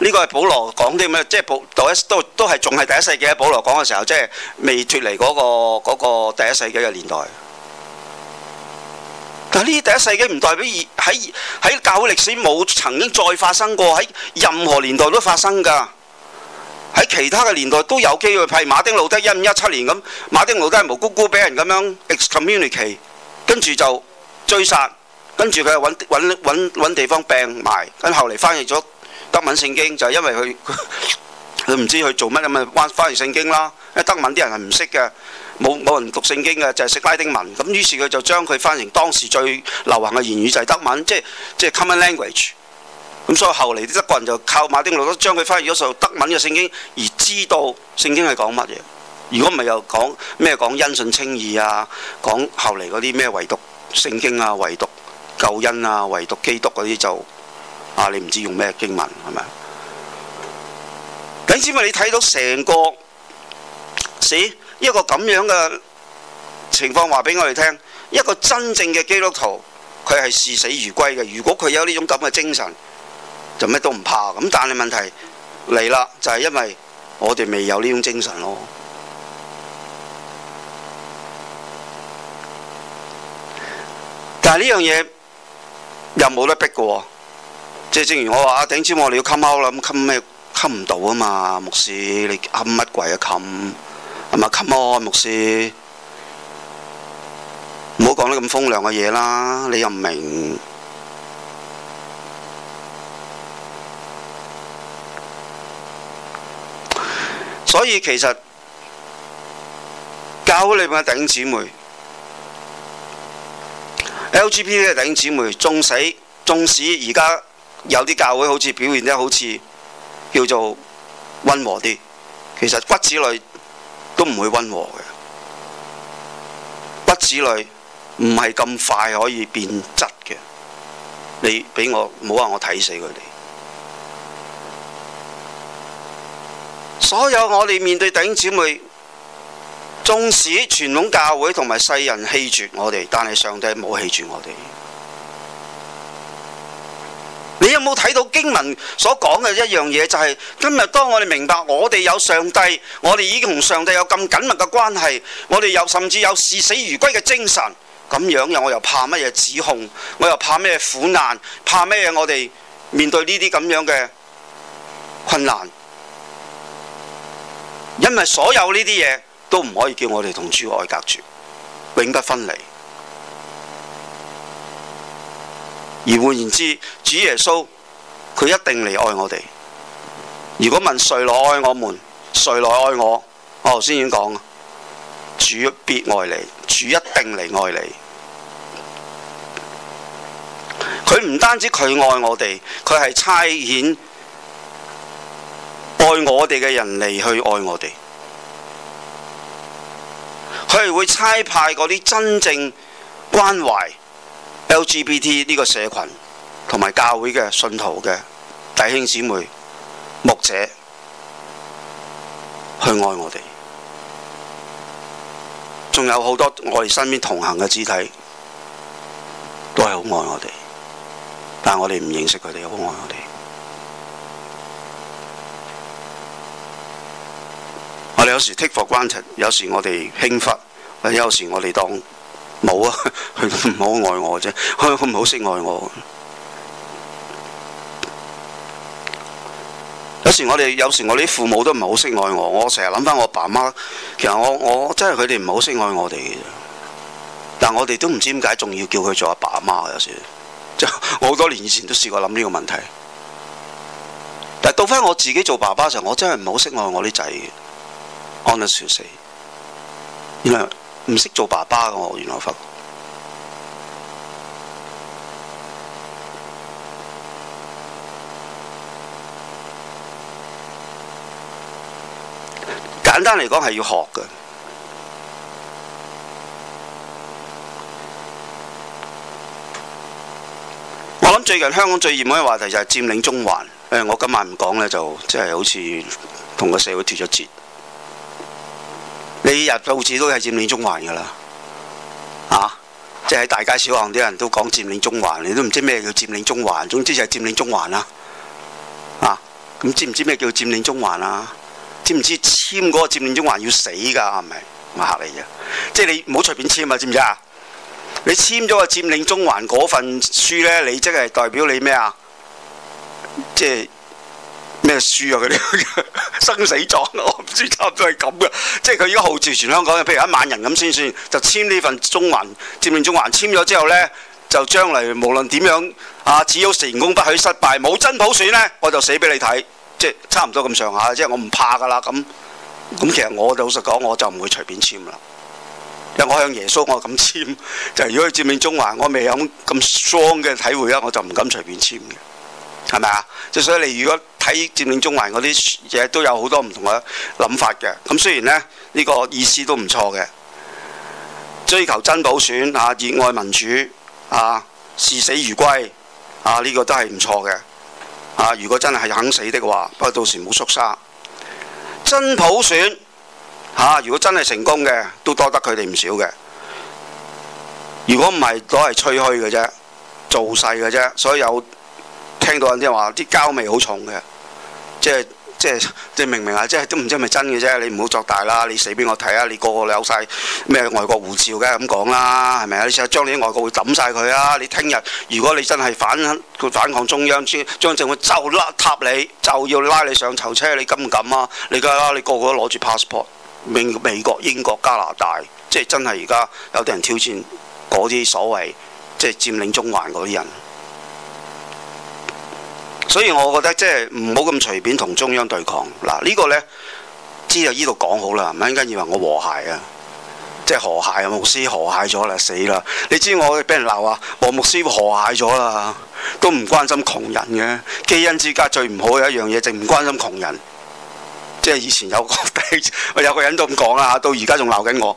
呢個係保羅講啲咩？即係保第都都係仲係第一世紀。喺保羅講嘅時候，即係未脫離嗰個嗰個第一世紀嘅年代。但係呢啲第一世紀唔代表喺喺教會歷史冇曾經再發生過，喺任何年代都發生㗎。喺其他嘅年代都有機會，譬如馬丁路德一五一七年咁，馬丁路德係無辜辜俾人咁樣 excommunicate，跟住就追殺，跟住佢揾揾揾揾地方病埋，跟後嚟翻譯咗。德文聖經就係、是、因為佢佢唔知佢做乜咁啊，翻翻譯聖經啦。因為德文啲人係唔識嘅，冇冇人讀聖經嘅，就係、是、識拉丁文。咁於是佢就將佢翻成當時最流行嘅言語就係德文，即係即係 common language。咁所以後嚟啲德國人就靠馬丁路德將佢翻譯咗首德文嘅聖經，而知道聖經係講乜嘢。如果唔係又講咩講因信稱義啊，講後嚟嗰啲咩唯獨聖經啊，唯獨救恩啊，唯獨基督嗰啲就。啊！你唔知用咩經文係咪？你知唔知？你睇到成個死一個咁樣嘅情況，話俾我哋聽，一個真正嘅基督徒，佢係視死如歸嘅。如果佢有呢種咁嘅精神，就咩都唔怕。咁但係問題嚟啦，就係因為我哋未有呢種精神咯。但係呢樣嘢又冇得逼嘅喎。即正如我話，阿、啊、頂姐妹你要 come out 啦，咁 come 咩？come 唔到啊嘛！牧師，你 come 乜鬼啊？come 係咪 come out？Come on, 牧師，唔好講啲咁風涼嘅嘢啦，你又唔明。所以其實教會裏邊嘅頂姐妹，LGBT 嘅頂姐妹，縱使縱使而家。有啲教會好似表現得好似叫做溫和啲，其實骨子裏都唔會溫和嘅。骨子裏唔係咁快可以變質嘅。你俾我唔好話我睇死佢哋。所有我哋面對弟兄姊妹，縱使傳統教會同埋世人棄絕我哋，但係上帝冇棄絕我哋。你有冇睇到經文所講嘅一樣嘢？就係、是、今日當我哋明白我哋有上帝，我哋已經同上帝有咁緊密嘅關係，我哋又甚至有視死如歸嘅精神，咁樣我又怕乜嘢指控？我又怕咩苦難？怕咩？我哋面對呢啲咁樣嘅困難，因為所有呢啲嘢都唔可以叫我哋同主愛隔住，永不分離。而換言之，主耶穌佢一定嚟愛我哋。如果問誰來愛我們，誰來愛我？我頭先已經講，主必愛你，主一定嚟愛你。佢唔單止佢愛我哋，佢係差遣愛我哋嘅人嚟去愛我哋。佢係會差派嗰啲真正關懷。LGBT 呢個社群，同埋教會嘅信徒嘅弟兄姊妹、牧者去愛我哋，仲有好多我哋身邊同行嘅肢體都係好愛我哋，但我哋唔認識佢哋好愛我哋。我哋有時 take for granted，有時我哋輕忽，有時我哋當。冇啊，佢唔好愛我啫，佢唔好識愛我。有時我哋，有時我啲父母都唔係好識愛我。我成日諗翻我爸媽，其實我我真係佢哋唔好識愛我哋嘅。但我哋都唔知點解，仲要叫佢做阿爸阿媽。有時就，即係我好多年以前都試過諗呢個問題。但到翻我自己做爸爸嘅時候，我真係唔好識愛我啲仔嘅，安得少死，因為。唔識做爸爸㗎，我原來我發覺，簡單嚟講係要學嘅。我諗最近香港最熱門嘅話題就係佔領中環，誒、欸、我今晚唔講呢，就，即係好似同個社會脫咗節。你入到好似都係佔領中環噶啦，啊！即係大街小巷啲人都講佔領中環，你都唔知咩叫佔領中環。總之就係佔領中環啦，啊，啊！咁知唔知咩叫佔領中環啊？知唔知簽嗰個佔領中環要死㗎，啊？唔係，咪嚇你嚟啫。即係你唔好隨便簽啊，知唔知啊？你簽咗個佔領中環嗰份書呢，你即係代表你咩啊？即係。咩書啊？啲生死狀我唔知差唔多係咁嘅。即係佢而家號召全香港，譬如一萬人咁先算，就簽呢份中環佔領中環，簽咗之後呢，就將嚟無論點樣，啊，只要成功不許失敗，冇真普選呢，我就死俾你睇，即係差唔多咁上下，即係我唔怕噶啦咁。咁其實我老實講，我就唔會隨便簽啦，因為我向耶穌，我敢簽。就如果佢佔領中環，我未有咁喪嘅體會啊，我就唔敢隨便簽嘅。係咪啊？即所以你如果睇佔領中環嗰啲嘢，都有好多唔同嘅諗法嘅。咁雖然呢，呢個意思都唔錯嘅，追求真普選啊，熱愛民主啊，視死如歸啊，呢個都係唔錯嘅。啊，如果真係肯死的話，不過到時冇縮沙。真普選嚇、啊，如果真係成功嘅，都多得佢哋唔少嘅。如果唔係，都係吹噓嘅啫，造勢嘅啫，所以有。聽到人即係話啲膠味好重嘅，即係即係即係明明啊，即係都唔知係咪真嘅啫。你唔好作大啦，你死畀我睇啊？你個個有晒咩外國護照嘅咁講啦，係咪啊？你試將你啲外國護抌晒佢啊！你聽日如果你真係反反抗中央，將政府就甩塔你，就要拉你上囚車，你敢唔敢啊？你梗係啦，你個個都攞住 passport，美美國、英國、加拿大，即係真係而家有啲人挑戰嗰啲所謂即係佔領中環嗰啲人。所以我覺得即係唔好咁隨便同中央對抗。嗱呢個呢，知道呢度講好啦。唔應該以為我和諧啊，即係和諧啊，牧師和諧咗啦，死啦！你知我俾人鬧話我牧師和諧咗啦，都唔關心窮人嘅。基恩之家最唔好嘅一樣嘢，就唔關心窮人。即係以前有個 有個人都咁講啦，到而家仲鬧緊我。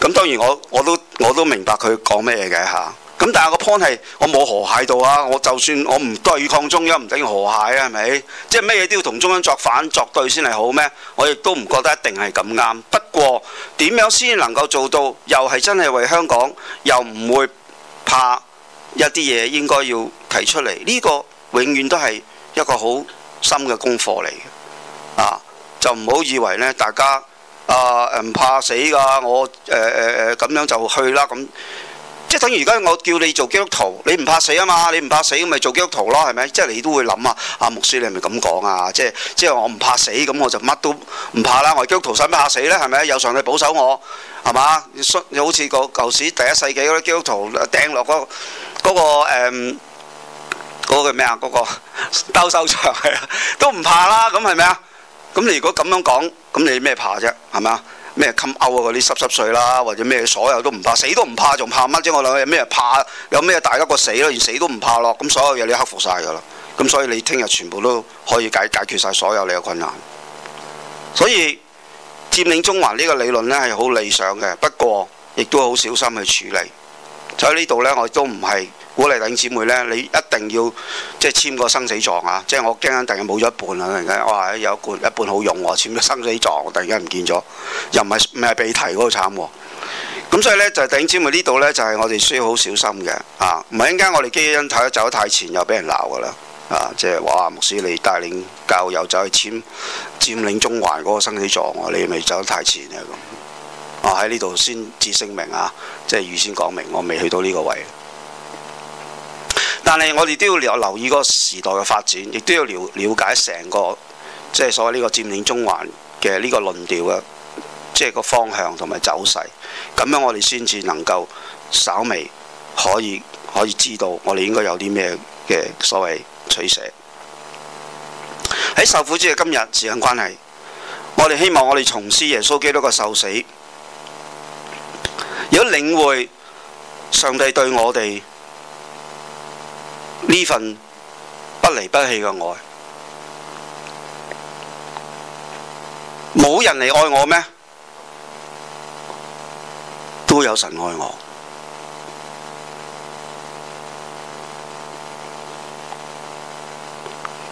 咁當然我我都我都明白佢講咩嘅嚇。咁但係個 point 係，我冇河蟹到啊！我就算我唔對抗中央，唔等於河蟹啊，係咪？即係咩嘢都要同中央作反作對先係好咩？我亦都唔覺得一定係咁啱。不過點樣先能夠做到，又係真係為香港，又唔會怕一啲嘢，應該要提出嚟。呢個永遠都係一個好深嘅功課嚟嘅。啊，就唔好以為呢，大家啊唔怕死㗎，我誒誒咁樣就去啦咁。即係等於而家我叫你做基督徒，你唔怕死啊嘛？你唔怕死咁咪做基督徒咯，係咪？即係你都會諗啊。阿牧師，你係咪咁講啊？即係即係我唔怕死，咁我就乜都唔怕啦。我係基督徒，使乜怕死呢？係咪？有上帝保守我，係嘛？你好似、嗰個舊時第一世紀嗰啲基督徒掟落嗰嗰個誒嗰、嗰個咩啊？嗰、嗯嗰個鬥獸、嗰個、場係都唔怕啦。咁係咪啊？咁你如果咁樣講，咁你咩怕啫？係咪啊？咩禁歐啊，嗰啲濕濕碎啦，或者咩，所有都唔怕，死都唔怕，仲怕乜啫？我諗有咩怕，有咩大得過死咯？連死都唔怕咯，咁所有嘢你克服晒噶啦。咁所以你聽日全部都可以解解決晒所有你嘅困難。所以佔領中環呢個理論呢係好理想嘅，不過亦都好小心去處理。就喺呢度呢，我亦都唔係。鼓勵頂姊妹咧，你一定要即係簽個生死狀啊！即係我驚，一定係冇咗一半啦。突然間，哇，有一罐一半好用喎、啊，簽咗生死狀，突然間唔見咗，又唔係唔係被提嗰個慘喎、啊。咁所以咧，就頂姊妹呢度咧，就係、是、我哋需要好小心嘅啊！唔係一陣間，我哋基恩走走得太前又，又俾人鬧噶啦啊！即係話，牧師你帶領教友走去簽佔領中環嗰個生死狀喎、啊，你咪走得太前啊咁。我喺呢度先致聲明啊，即係預先講明，我未去到呢個位。但係我哋都要留意嗰個時代嘅發展，亦都要了了解成個即係所謂呢個佔領中環嘅呢個論調嘅，即係個方向同埋走勢。咁樣我哋先至能夠稍微可以可以知道我哋應該有啲咩嘅所謂取捨。喺受苦之日，今日時間關係，我哋希望我哋從事耶穌基督嘅受死，如果領會上帝對我哋。呢份不離不棄嘅愛，冇人嚟愛我咩？都有神愛我。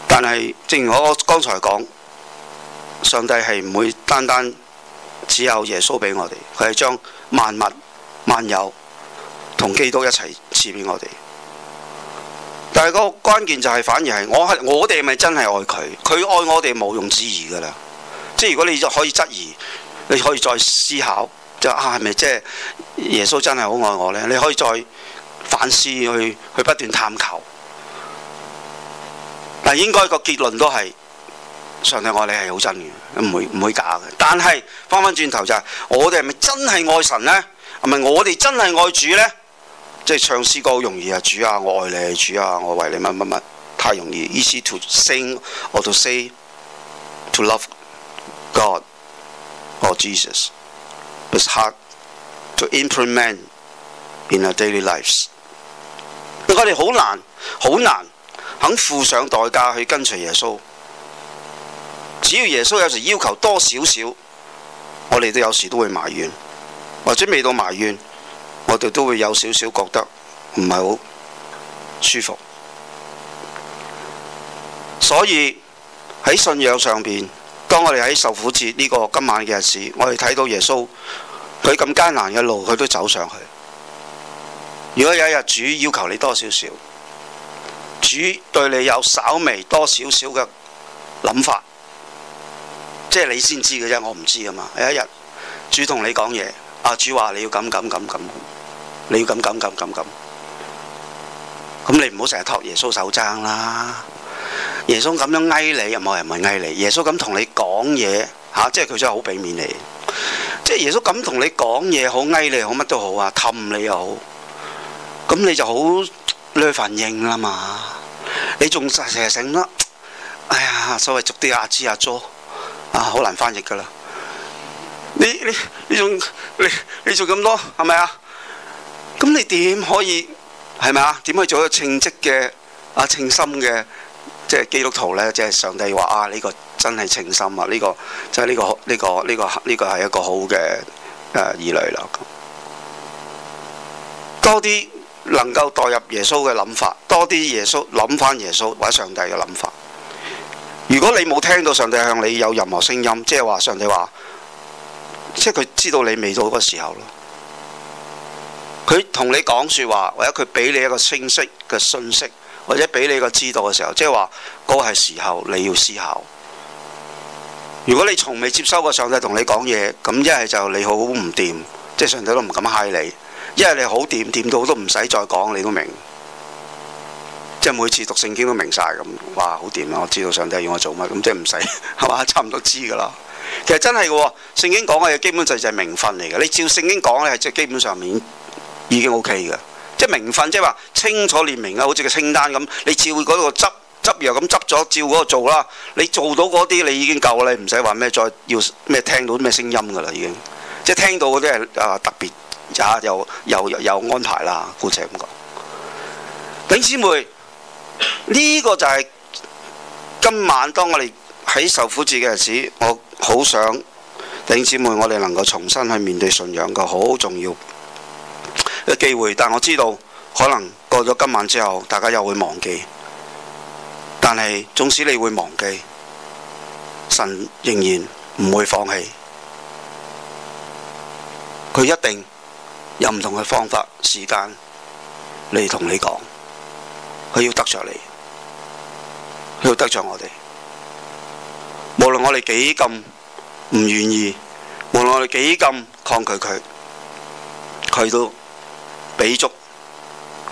但係正如我剛才講，上帝係唔會單單只有耶穌畀我哋，佢係將萬物萬有同基督一齊賜畀我哋。但係個關鍵就係、是、反而係我係我哋係咪真係愛佢，佢愛我哋毋庸置疑噶啦。即係如果你就可以質疑，你可以再思考，就係啊係咪即係耶穌真係好愛我咧？你可以再反思去去不斷探求。嗱，應該個結論都係上帝愛你係好真嘅，唔會唔會假嘅。但係翻翻轉頭就係、是、我哋係咪真係愛神咧？係咪我哋真係愛主咧？即係唱詩歌好容易啊，主啊，我愛你，主啊，我為你乜乜乜，太容易。Easy to sing or to say to love God or Jesus, but hard to implement in our daily lives。我哋好難，好難肯付上代價去跟隨耶穌。只要耶穌有時要求多少少，我哋都有時都會埋怨，或者未到埋怨。我哋都會有少少覺得唔係好舒服，所以喺信仰上面，當我哋喺受苦節呢個今晚嘅日子，我哋睇到耶穌，佢咁艱難嘅路，佢都走上去。如果有一日主要求你多少少，主對你有稍微多少少嘅諗法，即係你先知嘅啫，我唔知啊嘛。有一日主同你講嘢，阿，啊，主話你要咁咁咁咁。你要咁咁咁咁咁，咁你唔好成日托耶穌手踭啦。耶穌咁樣哀你，又冇人唔係哀你。耶穌咁同你講嘢，吓、啊，即係佢真係好俾面你。即係耶穌咁同你講嘢，好哀你，好乜都好啊，氹你又好，咁你就好你去反應啦嘛。你仲成日成得，哎呀，所謂俗啲阿吱阿咗啊，好、啊啊啊、難翻譯噶啦。你你你仲你你做咁多，係咪啊？咁你點可以係咪啊？點可以做一個稱職嘅啊稱心嘅即係基督徒呢？即係上帝話啊，呢個真係稱心啊！呢個即係呢個呢個呢個呢個係一個好嘅誒意類啦。多啲能夠代入耶穌嘅諗法，多啲耶穌諗翻耶穌或者上帝嘅諗法。如果你冇聽到上帝向你有任何聲音，即係話上帝話，即係佢知道你未到嗰時候咯。佢同你講説話，或者佢俾你一個清晰嘅信息，或者俾你一個知道嘅時候，即係話嗰個係時候你要思考。如果你從未接收過上帝同你講嘢，咁一係就你好唔掂，即係上帝都唔敢嗌你；一係你好掂，掂到都唔使再講，你都明，即係每次讀聖經都明晒，咁。哇，好掂啦！我知道上帝要我做乜咁，即係唔使係嘛？ 差唔多知㗎啦。其實真係喎，聖經講嘅嘢，基本就就係名分嚟嘅。你照聖經講嘅，即係基本上面。已經 OK 嘅，即係名分，即係話清楚列明啊，好似個清單咁，你照嗰度執執藥咁執咗，照嗰個做啦。你做到嗰啲，你已經夠啦，你唔使話咩，再要咩聽到啲咩聲音噶啦，已經即係聽到嗰啲係啊特別啊又又又安排啦，姑且咁講。弟兄姊妹，呢個就係今晚當我哋喺受苦節嘅日子，我好想弟兄姊妹，我哋能夠重新去面對信仰嘅好重要。有機會，但我知道可能過咗今晚之後，大家又會忘記。但係，縱使你會忘記，神仍然唔會放棄，佢一定有唔同嘅方法、時間嚟同你講。佢要得着你，佢要得着我哋，無論我哋幾咁唔願意，無論我哋幾咁抗拒佢，佢都，俾足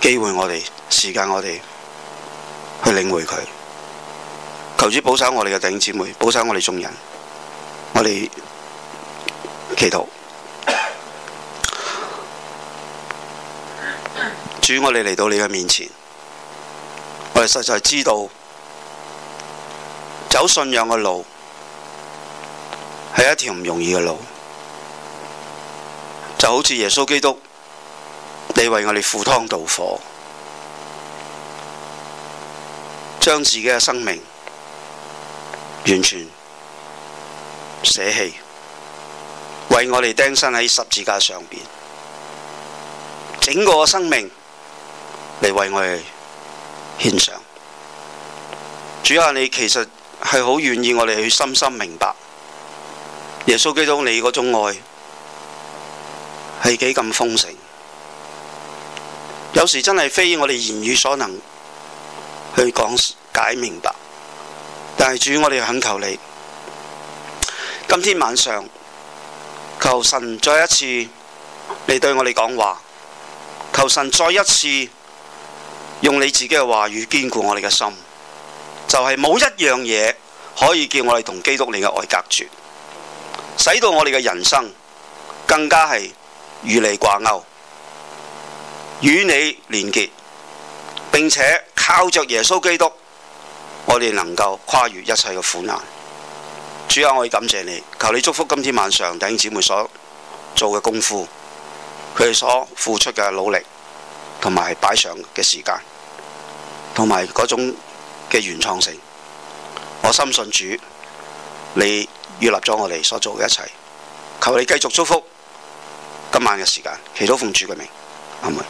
機會我哋，時間我哋去領會佢。求主保守我哋嘅弟兄姊妹，保守我哋眾人。我哋祈禱， 主我哋嚟到你嘅面前。我哋實在知道走信仰嘅路係一條唔容易嘅路，就好似耶穌基督。你為我哋赴湯蹈火，將自己嘅生命完全捨棄，為我哋釘身喺十字架上邊，整個生命你為我哋獻上。主啊，你其實係好願意我哋去深深明白，耶穌基督你嗰種愛係幾咁豐盛。有時真係非我哋言語所能去講解明白，但係主，我哋懇求,求你，今天晚上求神再一次嚟對我哋講話，求神再一次用你自己嘅話語堅固我哋嘅心，就係、是、冇一樣嘢可以叫我哋同基督裡嘅愛隔絕，使到我哋嘅人生更加係與你掛鈎。與你連結，並且靠着耶穌基督，我哋能夠跨越一切嘅苦難。主啊，我要感謝你，求你祝福今天晚上弟兄姊妹所做嘅功夫，佢哋所付出嘅努力，同埋擺上嘅時間，同埋嗰種嘅原創性。我深信主，你預立咗我哋所做嘅一切。求你繼續祝福今晚嘅時間，祈禱奉主嘅名，阿門。